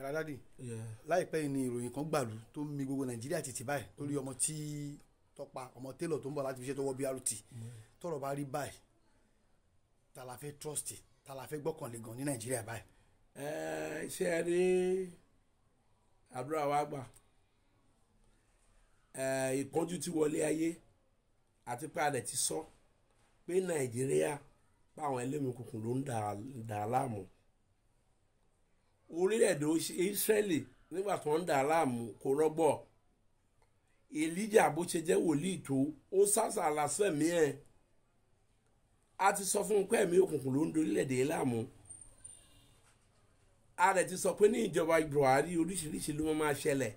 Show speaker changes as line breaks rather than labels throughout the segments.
ẹ̀rọ̀dádì láìpẹ́ yìí ni ìròyìn kan gbàlú tó mi gbogbo nàìjíríà ti ti báyìí torí ọmọ tí tọpa ọmọ télọ̀ tó ń bọ̀ láti fi ṣe tọwọ́ BRT tọ́rọ̀ bá rí báyìí ta la fẹ́ trust ta la fẹ́ gbọ́kànlé gan ní nàìjíríà báyìí. ẹ ṣe é rí àdúrà wa gbà ìkánjú ti wọlé ayé àti pé alẹ̀ ti sọ pé nàìjíríà báwọn ẹlẹ́mìí kùkùn ló ń dà á láàmú orílẹ̀-èdè Ísírẹ́lì nígbà tó ń dà á láàmú kò rọ́gbọ̀ Èlíjà bó ṣe jẹ́ wòlíì tó ó sásàlà sẹ́mi ẹ̀ a ti sọ fún un pé ẹ̀mí òkùnkùn ló ń dorílẹ̀-èdè láàmú a rẹ̀ ti sọ pé ní ìjọba Buhari oríṣiríṣi ló máa ṣẹlẹ̀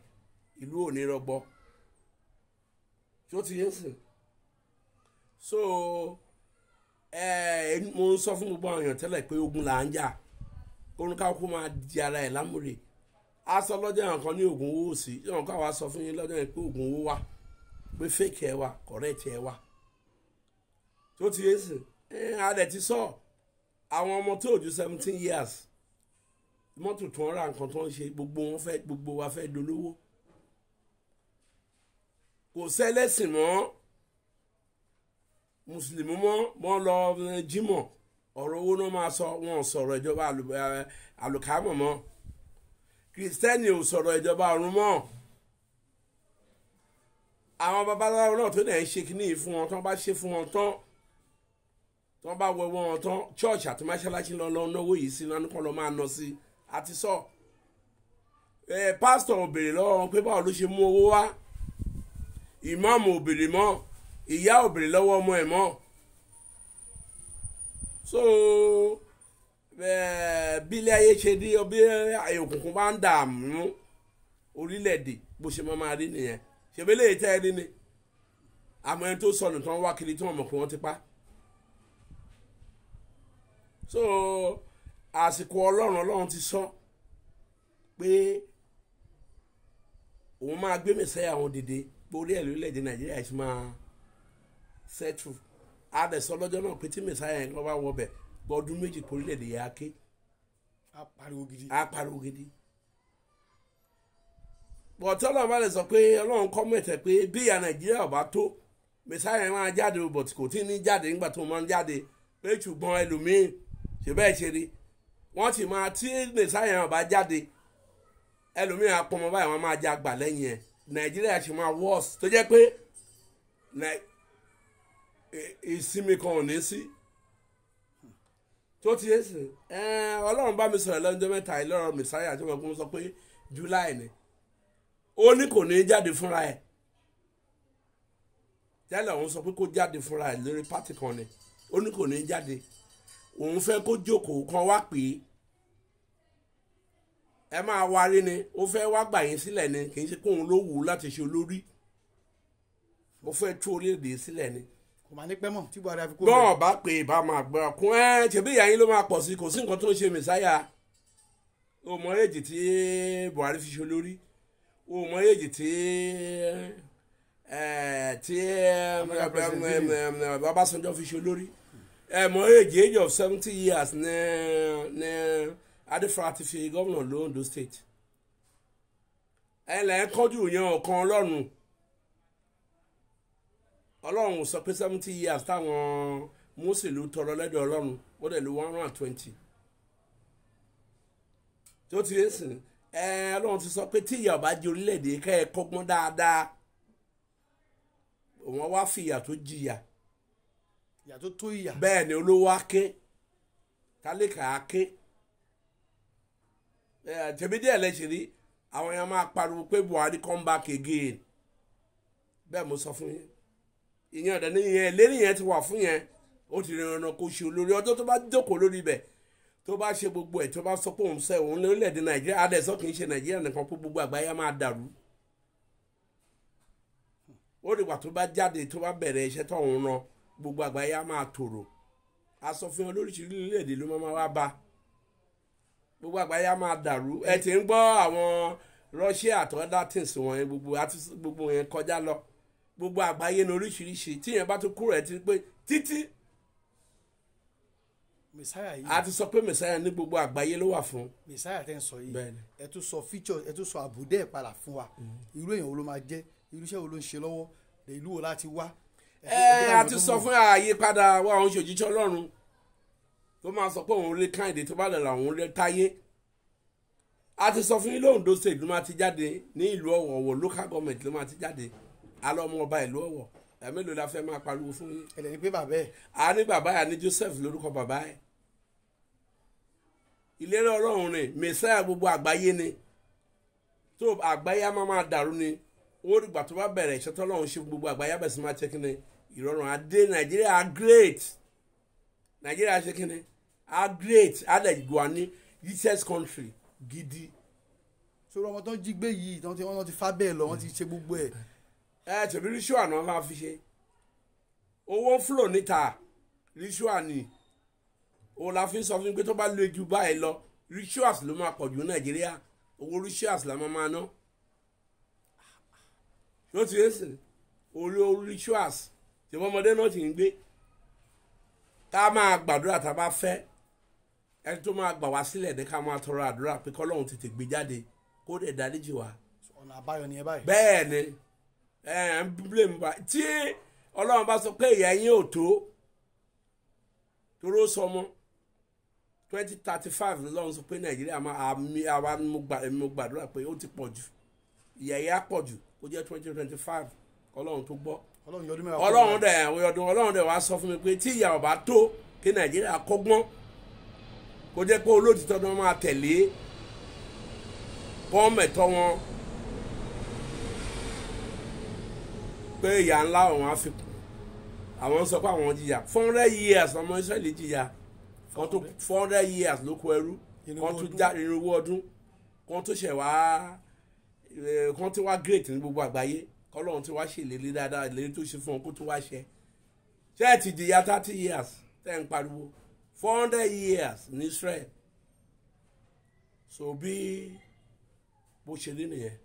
ìlú ò ní rọ́gbọ̀ tó ti yẹn sìn so ẹ mo ń sọ fún gbogbo àwọn èèyàn tẹ́lẹ̀ pé ogun là ń jà kónúkàkú máa di ara ẹ̀ lámúre a sọ lọ́jọ́ yẹn kan ní oògùn owó sí yẹn kan wàá sọ fún yín lọ́jọ́ yẹn pé oògùn owó wà pé fake ẹ wà correct ẹ wà tó ti yé sìn ẹ̀ a dẹ̀ ti sọ àwọn ọmọ tó ju seventeen years mọ́tò tó ń ra nǹkan tó ń ṣe gbogbo wọn fẹ́ gbogbo wa fẹ́ dolówó kò sẹ́lẹ̀sìn mọ́ mùsùlùmí mọ́ mọ́ lọ eh, jímọ̀ ọ̀rọ̀ owó náà máa sọ wọn sọ̀rọ̀ ìjọba àlùkámọ̀ mọ́ kìrìsìtẹ́nì ò sọ̀rọ̀ ìjọba ọ̀run mọ́ àwọn babaláwo náà tó náà ń ṣe kínní fún wọn tán bá ṣe fún wọn tán tán bá wọ wọn tán church àti mọ́ṣáláṣí lọ lọ náwó yìí sí lánàá kan lọ máa ná sí àti sọ ẹ pásítọ̀ ò béèrè lọ́wọ́ wọn pé báwo ló ṣe mú owó wá ìmáàmù ò béèrè mọ́ ìyá ò béèrè lọ́wọ́ ọmọ ẹ̀ mọ́ so bí ilé ayé ṣe rí bí ààyè òkùnkùn bá ń dààmú orílẹ̀-èdè bó ṣe máa máa rí nìyẹn ṣèbí lè tẹ́ ni àmọ́ ẹni tó sọnù tán wá kiri tí wọ́n mọ̀ pé wọ́n ti pa so àsìkò ọlọ́run ọlọ́run ti sọ pé òun máa gbé mẹ́sẹ̀ àwọn dìde pé orí ẹ̀ lórílẹ̀‐èdè nàìjíríà ti máa settle àdẹ̀sọ́ lọ́jọ́ náà pé tí mẹ̀sáyà yẹn wá wọ bẹ̀ gbọ́dún méjì orílẹ̀-èdè yẹn á ké. a pariwo gidi. a pariwo gidi. bọ̀tí ọlọ́run bá lè sọ pé ọlọ́run kọ́ mẹ́tẹ̀ pé bí ìyá nàìjíríà ọba tó mẹ̀sáyà máa jáde bọ̀t kò tí ní jáde nígbà tó máa ń jáde pé ṣùgbọ́n ẹlòmíín ṣe bẹ́ẹ̀ ṣe rí wọ́n ti máa tí mẹ̀sáyà ọba jáde ẹlòmíín apọ̀mọ́ báyìí wọ́n máa jẹ àgbà lẹ́yìn ẹ̀ nàìjíríà ṣe máa wọ́ọ̀sì tó jẹ́ pé ìsinmi kan ò ní sí tó ti yéésì ọlọ́run bá mi sọ̀rọ̀ lọ́jọ́ mẹ́ta ìlọ́rọ̀ mẹ́sáyà tó mọ̀ pé mo sọ pé july ni ó ní kò ní jáde fúnra ẹ̀ tẹ́lẹ̀ òun sọ pé kó jáde fúnra ẹ̀ lórí pátì kan ni ó ní kò ní jáde òun fẹ́ kó jókòó kan wá pè é ẹ máa warí ni ó fẹ́ wá gbà yín sílẹ̀ ni kì í ṣe kóun ló wù ú láti ṣe olórí ó fẹ́ tú orílẹ̀-èdè sílẹ̀ ni kò máa ní pẹ́ mọ̀ tí Buhari àfi kó bẹ̀rẹ̀. bọ́ọ̀ bá pè é bá máa gbọ́ ọkùn ẹ́ ṣebí ìyá yín ló máa pọ̀ sí kò sí nǹkan tó ń ṣe mẹ́sáyà o mọ èjì tí Buhari fi ṣe lórí o mọ èjì tí tí Ọbásanjọ́ fi ṣe lórí ẹ mọ èjì age of seventy years ní ní Adéfara ti fi gómìnà l'Ondo state ẹ lẹ́ẹ̀kọ́jú yẹn ọ̀kan ọlọ́run ọlọ́run sọ pé seventy years táwọn Mósè ló tọrọ lẹ́dọ̀ ọlọ́run ó dẹ̀ ló one hundred and twenty tó ti yé sìn ẹ ọlọ́run ti sọ pé tí ìyà bá jẹ orílẹ̀-èdè kẹ́ ẹ kọ́gbọ́n dáadáa wọ́n wá fi ìyà tó jìyà ìyà tó tó ìyà bẹ́ẹ̀ ni olówó aké tálíkà aké tẹ̀mí díẹ̀ lẹ́sìn rí àwọn yẹn máa pariwo pé Buhari come back again bẹ́ẹ̀ mo sọ fún yín ìyẹn ọ̀dẹ̀ ní ìyẹn ìlérí yẹn ti wà fún yẹn ó ti rìn ọ̀nà kò ṣe olórí ọjọ́ tó bá jókòó lórí ibẹ̀ tó bá ṣe gbogbo ẹ̀ tó bá sọ pé òun sẹ́ òun lórílẹ̀‐èdè nàìjíríà adẹ̀sọ́ kì í ṣe nàìjíríà nìkan pé gbogbo àgbáyé máa dàrú ó rí wà tó bá jáde tó bá bẹ̀rẹ̀ iṣẹ́ tọ̀hún ran gbogbo àgbáyé á máa tòrò asòfin olóríṣiríṣi lórílẹ̀‐èdè ló máa wá bá gbogbo àgbáyé máa dàrú ẹ ti ń gbọ́ àwọn Russia àtọ́dá tìǹsì wọ̀nyẹn gbogbo yẹn kọjá lọ gbogbo àgbáyé ní oríṣiríṣi tíyẹn bá tún kúrò ẹ ti pé títí messiah yìí a ti sọ pé messiah ní gbogbo àgbáyé ló wà fún. messiah tẹ́ ń sọ yìí ẹ tún sọ feature ẹ tún sọ àbùdá ẹ̀ padà fún wa mm-hmm. irú èèyàn wo ló máa jẹ́ irú iṣẹ́ wo ló ń ṣe lọ́wọ́ ìlú wo láti wá. ẹ a ti sọ fún àyípadà wa òun ṣòjíṣẹ́ ọlọ́run tó máa sọ pé òun lè káyìndé tó bá dàda òun lè táyé a ti sọ fún yín lóhùn dóṣèlú máa ti jáde ní ìlú ọ̀wọ̀wọ̀ local government ló máa ti jáde alọ́mọ ọba ìlú ọ̀wọ̀ ẹ̀mélòó la fẹ́ máa pariwo fún yín. ẹ̀dẹ̀ ni pé bàbá ẹ̀. a ní bàbá yà ní Joseph lórúkọ bàbá ẹ̀. ìlérí ọlọ́run ni mẹsàá gbogbo àgbáyé ni tó àgbáyé a máa máa dàrú ni ó dìgbà tó bá bẹ̀rẹ̀ iṣẹ́ tọ́lọ́run ṣe gbogbo àgbáyé bẹ̀rẹ̀ sí máa ṣe kíni ìrọ̀rùn adé Nàìjíríà great Nàìjíríà ṣe kíni a great adẹ̀gbọ́n ní Jesus country gidi. sọ̀rọ̀ ọmọ tó ń jí gbé yìí tí wọ́n ti fá bẹ́ẹ̀ lọ wọ́n ti ṣe gbogbo ẹ̀ ẹ tèmi ritual náà máa fi ṣe owó ń flow níta ritual ni o la fi ń sọ fún mi pé tó bá lè ju báyìí lọ rituals ló máa pọ̀ jù nàìjíríà owó rituals la máa máa ná yóò ti yẹn sìn orí rituals tí ọmọdé náà ti ń gbé ká máa gbàdúrà tá a bá fẹ́ ẹni tó máa gbà wá sílẹ̀ ní ká máa tọrọ àdúrà pé kọ́lọ́hún tètè gbé jáde kó dẹ̀ dáríjì wá. bẹ́ẹ̀ ni ẹ̀ ń blame bá tí ọlọ́run bá sọ pé ìyá yín ò tó toró sọmọ twenty thirty five lọ́run sọ pé nàìjíríà máa àmì àwa mo gbàdúrà pé ó ti pọ̀ jù ìyá yín á pọ̀ jù ó jẹ́ twenty twenty five ọlọ́run tó gbọ́ ọlọ́run dẹ̀ ọdún ọlọ́run dẹ̀ wá sọ fún mi pé tí ìyá ọba tó kí nàìjíríà kọ́gbọ́n kó jẹ́ pé olóòtítọ́ ni wọ́n máa tẹ̀lé kọ́ mẹ̀tọ́ wọn pé ìyà ńlá ọ̀hún á fi kù àwọn sọ pé àwọn jìyà four hundred years ọmọ Ísírẹ́lì jìyà kan tó four hundred years ló kó ẹrú kan tó já irínwó ọdún kan tó ṣẹ̀ wá kan tó wá great ní gbogbo àgbáyé kọ́lọ́run tó wá ṣèlérí dáadáa ìlérí tó ṣe fún ọ kó tó wá ṣẹ ṣé ẹ ti jìyà thirty years tẹ́ ń pariwo four hundred years ní Israel so bí bó ṣe rí nìyẹn.